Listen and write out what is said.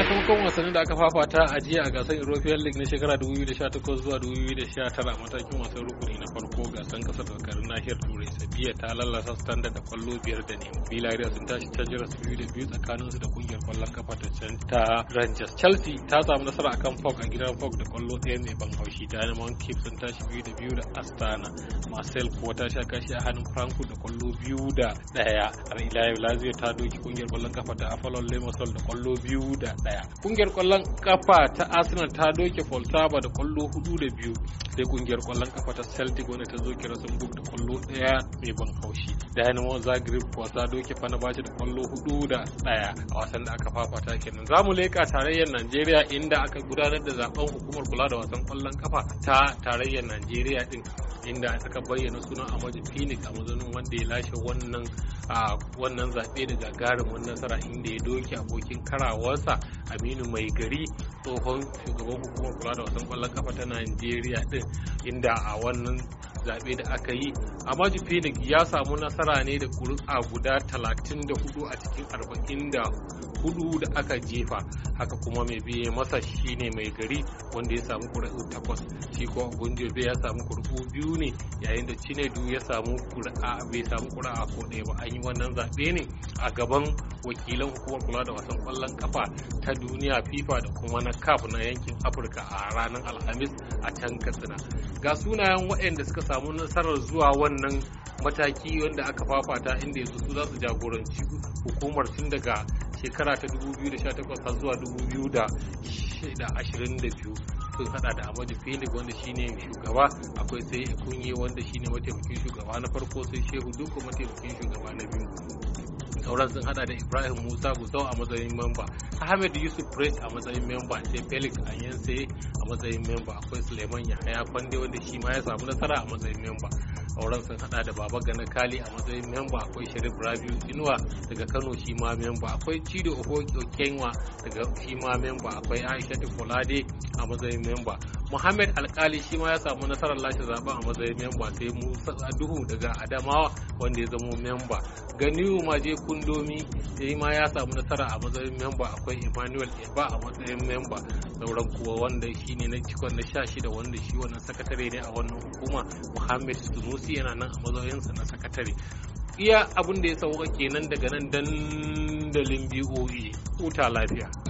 sakamakon wasannin da aka fafata a jiya a gasar european league na shekara 2018 zuwa 2019 a matakin wasan rukuni na farko gasar kasar dakarun nahiyar turai sabiya ta lallasa standard da kwallo biyar da nemo villarreal sun tashi ta jira su biyu da biyu tsakaninsu da kungiyar kwallon kafa ta can ta rangers chelsea ta samu nasara akan fog a gidan fog da kwallo ɗaya mai ban haushi dynamon kip sun tashi biyu da biyu da astana marcel kuwa ta sha kashi a hannun frankfurt da kwallo biyu da ɗaya har ila yau lazio ta doki kungiyar kwallon kafa ta afalon limassol da kwallo biyu da ɗaya ƙungiyar kungiyar kwallon kafa ta arsenal ta doke poltava da kwallo hudu da biyu sai kungiyar kwallon kafa ta celtic wanda ta zo kira zumbuk da kwallo ɗaya mai ban haushi dynamo zagreb kuwa ta doke fanabace da kwallo hudu da ɗaya a wasan da aka fafata kenan za mu leƙa tarayyar najeriya inda aka gudanar da zaben hukumar kula da wasan kwallon kafa ta tarayyar najeriya din inda aka bayyana sunan Ahmadu Phoenix a mazanin wanda ya lashe wannan wannan zaɓe da gagarumin nasara inda ya doke abokin karawarsa Aminu Mai Gari tsohon shugaban hukumar kula da wasan kwallon kafa ta Najeriya din inda a wannan zaɓe da aka yi Ahmadu Phoenix ya samu nasara ne da kuri'a guda 34 a cikin 40 hudu da aka jefa haka kuma mai biye masa shine mai gari wanda ya samu kuri'u takwas shi ko gunjobe ya samu kuri'u biyu ne yayin da chinedu ya samu kuri'a bai samu kuri'a ko ɗaya ba an yi wannan zaɓe ne a gaban wakilan hukumar kula da wasan kwallon kafa ta duniya fifa da kuma na kaf na yankin afirka a ranar alhamis a can katsina ga sunayen waɗanda suka samu nasarar zuwa wannan mataki wanda aka fafata inda yanzu su za su jagoranci hukumar tun daga shekara ta 2018 har zuwa 2022 sun hada da Amadu Felix wanda shine shugaba akwai sai Kunye wanda shine mataimakin shugaba na farko sai Shehu duka mataimakin shugaba na biyu sauran sun hada da Ibrahim Musa Gusau a matsayin memba Ahmed Yusuf prince a matsayin memba sai Felix Anyense a matsayin memba akwai Suleiman Yahaya Kwande wanda shi ma ya samu nasara a matsayin memba auren sun hada da baba gana kali a matsayin memba akwai sharif rabiu inuwa daga kano shi ma memba akwai cido okenwa daga shi ma memba akwai aisha folade a matsayin memba Muhammad Alkali shi ma ya samu nasarar lashe zaben a matsayin memba sai Musa Duhu daga Adamawa wanda ya zamo memba. Ganiyu je Kundomi sai ma ya samu nasara a matsayin memba akwai Emmanuel Eba a matsayin memba sauran kuwa wanda shi ne na cikon na sha shida wanda shi wannan sakatare ne a wannan hukuma Muhammad Sunusi yana nan a matsayinsa na sakatare. Iya abin da ya sauka kenan daga nan dandalin BOE. Huta lafiya.